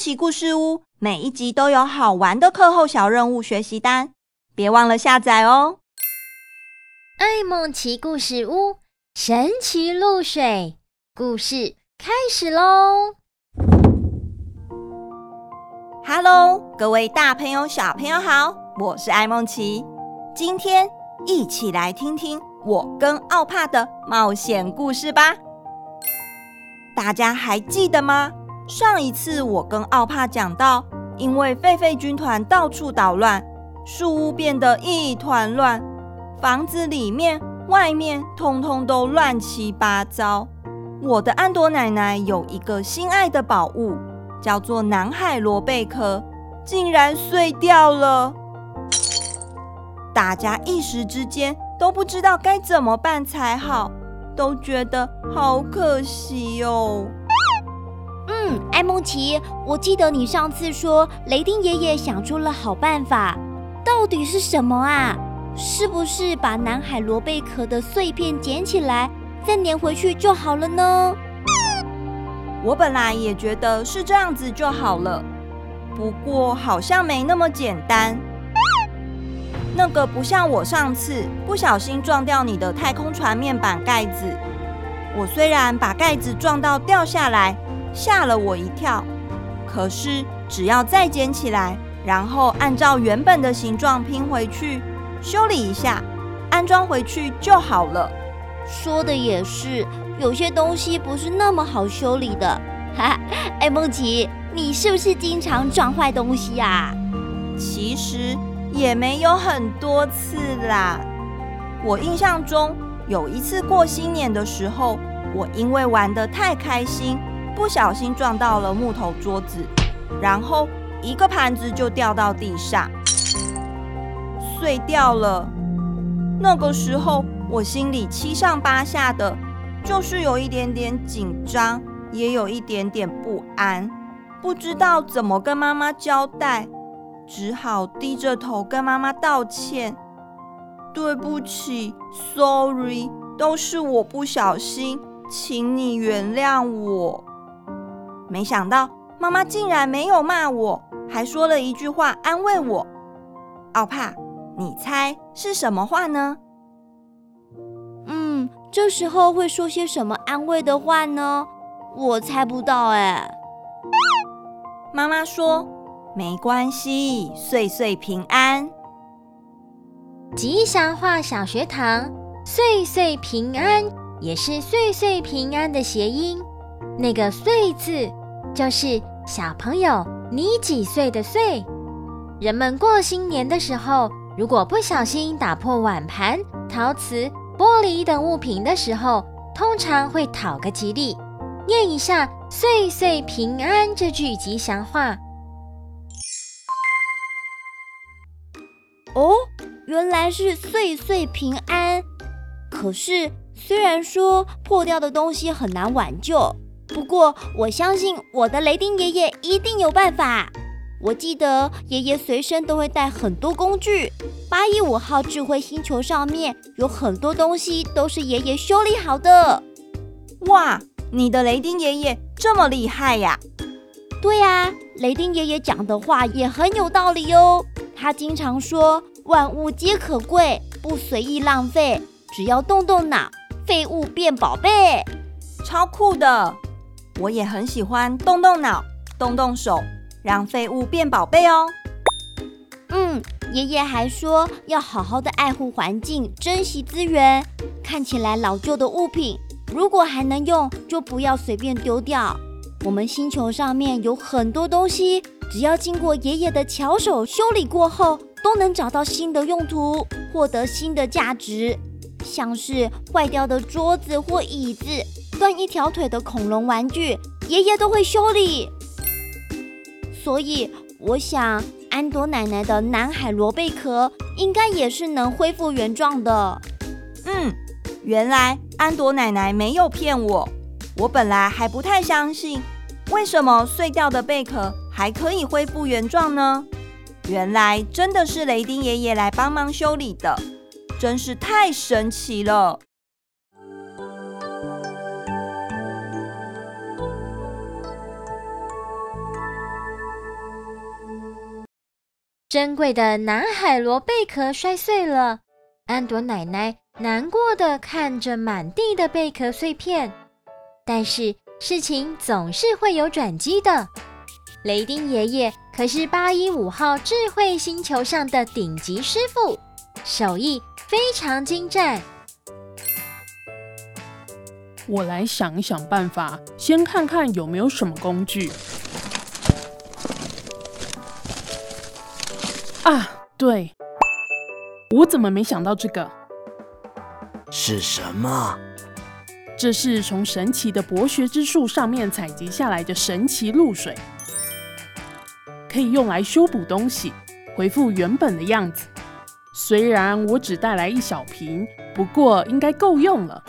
奇故事屋每一集都有好玩的課後小任務學習單，別忘了下載哦！愛孟奇故事屋神奇露水故事開始嘍！Hello，各位大朋友小朋友好，我是愛孟奇，今天一起來聽聽我跟奧帕的冒險故事吧！大家還記得嗎？上一次我跟奧帕講到，因為狒狒軍團到處搗亂，樹屋變得一團亂，房子裡面、外面通通都亂七八糟。我的安朵奶奶有一個心愛的寶物，叫做南海螺貝殼，竟然碎掉了。大家一時之間都不知道該怎麼辦才好，都覺得好可惜哦。嗯，愛孟奇，我記得你上次說雷丁爺爺想出了好辦法，到底是什麼啊？是不是把南海螺貝殼的碎片撿起來再粘回去就好了呢？我本來也覺得是這樣子就好了，不過好像沒那麼簡單。那個不像我上次不小心撞掉你的太空船面板蓋子，我雖然把蓋子撞到掉下來。嚇了我一跳。可是只要再撿起來，然後按照原本的形狀拼回去，修理一下，安裝回去就好了。說的也是，有些東西不是那麼好修理的。哈哈，愛孟奇，你是不是經常撞壞東西啊？其實也沒有很多次啦。我印象中有一次過新年的時候，我因為玩得太開心，不小心撞到了木頭桌子，然後一個盤子就掉到地上，碎掉了。那個時候我心裡七上八下的，就是有一點點緊張，也有一點點不安，不知道怎麼跟媽媽交代，只好低着頭跟媽媽道歉：“對不起，Sorry，都是我不小心，請你原諒我。”沒想到媽媽竟然沒有罵我，還說了一句話安慰我。奧帕，你猜是什麼話呢？嗯，這時候會說些什麼安慰的話呢？我猜不到誒。媽媽說：“沒關係，碎碎平安。”吉祥話小學堂，“碎碎平安”也是“歲歲平安”的諧音，那個“歲”字。就是小朋友，你幾歲的歲？人們過新年的時候，如果不小心打破碗盤、陶瓷、玻璃等物品的時候，通常會討個吉利，念一下“歲歲平安”這句吉祥話。哦，原來是“歲歲平安”。可是，雖然說破掉的東西很難挽救。不過，我相信我的雷丁爺爺一定有辦法。我記得爺爺隨身都會帶很多工具。八一五號智慧星球上面有很多東西都是爺爺修理好的。哇，你的雷丁爺爺這麼厲害呀！對呀，雷丁爺爺講的話也很有道理喲。他經常說：“萬物皆可貴，不隨意浪費，只要動動腦，廢物變寶貝。”超酷的！我也很喜歡動動腦、動動手，讓廢物變寶貝哦。嗯，爺爺還說要好好的愛護環境，珍惜資源。看起來老舊的物品，如果還能用，就不要隨便丟掉。我們星球上面有很多東西，只要經過爺爺的巧手修理過後，都能找到新的用途，獲得新的價值。像是壞掉的桌子或椅子，斷一條腿的恐龍玩具，爺爺都會修理，所以我想安朵奶奶的南海螺貝殼應該也是能恢復原狀的。嗯，原來安朵奶奶沒有騙我，我本來還不太相信，為什麼碎掉的貝殼還可以恢復原狀呢？原來真的是雷丁爺爺來幫忙修理的，真是太神奇了。珍貴的南海螺貝殼摔碎了，安朵奶奶難過地看着滿地的貝殼碎片。但是事情總是會有轉機的，雷丁爺爺可是八一五號智慧星球上的頂級師傅，手藝非常精湛。我來想一想辦法，先看看有沒有什麼工具。啊，對，我怎麼沒想到這個？是什麼？這是從神奇的博學之樹上面採集下來的神奇露水，可以用來修補東西，恢復原本的樣子。雖然我只帶來一小瓶，不過應該夠用了。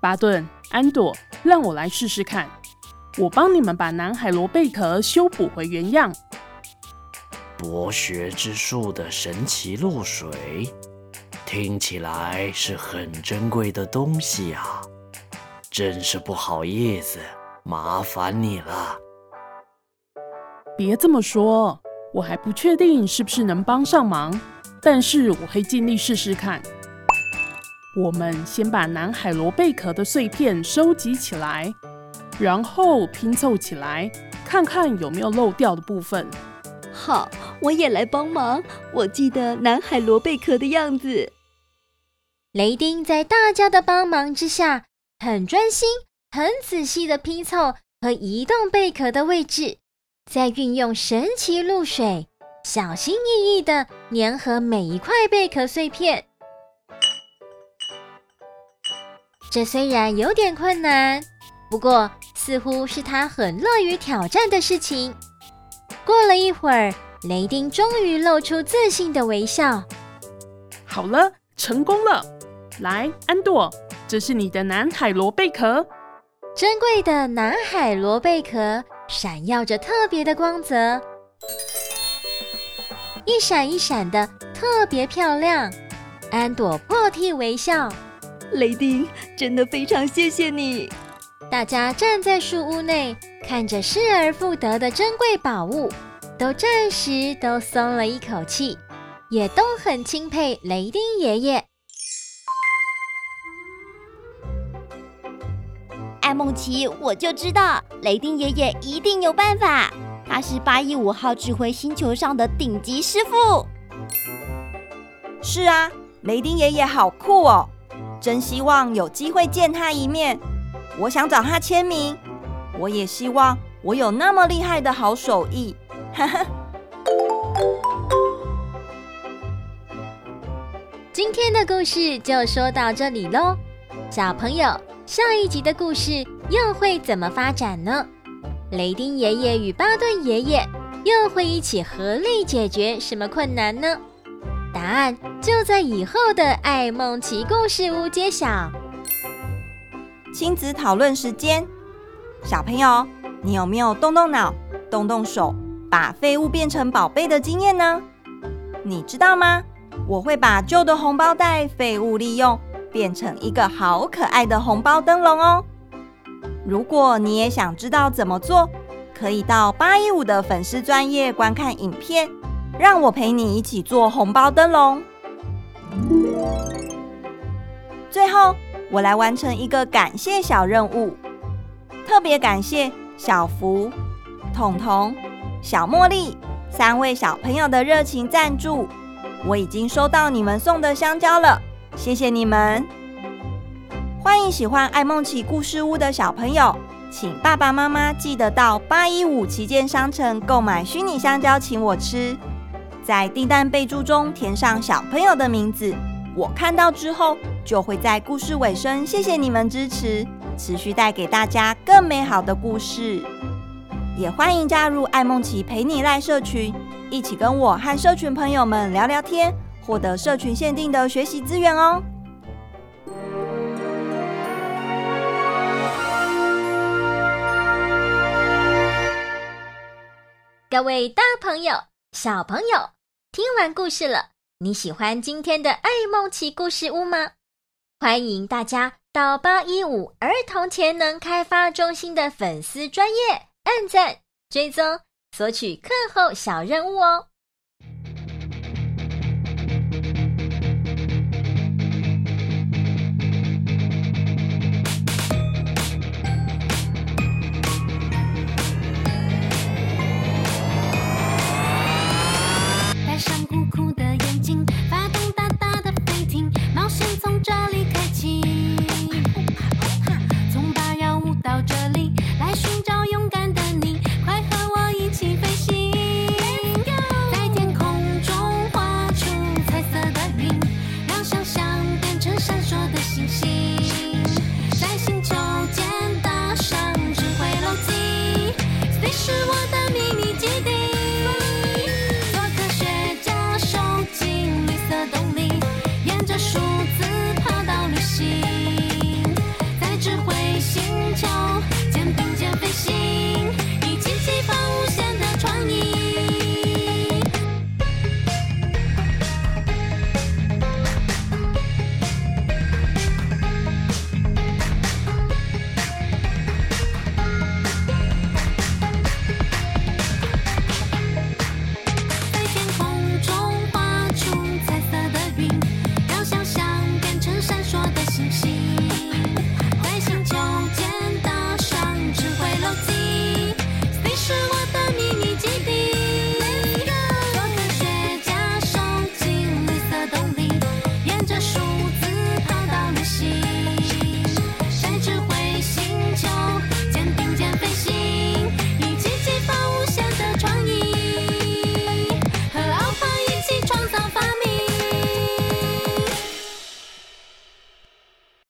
巴頓，安朵，讓我來試試看，我幫你們把南海螺貝殼修補回原樣。博學之樹的神奇露水，聽起來是很珍貴的東西呀！啊，真是不好意思，麻煩你了。別這麼說，我還不確定是不是能幫上忙，但是我會盡力試試看。我們先把南海螺貝殼的碎片收集起來，然後拼湊起來，看看有沒有漏掉的部分。好，我也來幫忙。我記得南海螺貝殼的樣子。雷丁在大家的幫忙之下，很專心、很仔細的拼湊和移動貝殼的位置，再運用神奇露水，小心翼翼的粘合每一塊貝殼碎片。這雖然有點困難，不過似乎是他很樂於挑戰的事情。過了一會兒，雷丁終於露出自信的微笑。好了，成功了！來，安朵，這是你的南海螺貝殼。珍貴的南海螺貝殼，閃耀着特別的光澤，一閃一閃的，特別漂亮。安朵破涕為笑，雷丁，真的非常謝謝你。大家站在樹屋內，看着失而復得的珍貴寶物，都暫時都鬆了一口氣，也都很欽佩雷丁爺爺。愛孟奇，我就知道雷丁爺爺一定有辦法，他是八一五號智慧星球上的頂級師傅。是啊，雷丁爺爺好酷哦，真希望有機會見他一面。我想找他簽名，我也希望我有那麼厲害的好手藝。哈哈。今天的故事就說到這裡嘍，小朋友，下一集的故事又會怎麼發展呢？雷丁爺爺與巴頓爺爺又會一起合力解決什麼困難呢？答案就在以後的《愛孟奇故事屋》揭曉。親子討論時間，小朋友，你有沒有動動腦、動動手，把廢物變成寶貝的經驗呢？你知道嗎？我會把舊的紅包袋廢物利用，變成一個好可愛的紅包燈籠哦。如果你也想知道怎麼做，可以到八一五的粉絲專頁觀看影片，讓我陪你一起做紅包燈籠。最後，我來完成一個感謝小任務。特別感謝小福、彤彤、小茉莉三位小朋友的熱情贊助。我已經收到你們送的香蕉了，謝謝你們！歡迎喜歡愛孟奇故事屋的小朋友，請爸爸媽媽記得到八一五旗艦商城購買虛擬香蕉，請我吃。在訂單備注中填上小朋友的名字，我看到之後，就會在故事尾聲，謝謝你們支持，持續帶給大家更美好的故事。也歡迎加入愛孟奇陪你 Line 社群，一起跟我和社群朋友們聊聊天，獲得社群限定的學習資源哦。各位大朋友、小朋友，聽完故事了，你喜歡今天的愛孟奇故事屋嗎？歡迎大家到八一五兒童潛能開發中心的粉絲專頁，按讚、追蹤、索取課後小任務哦。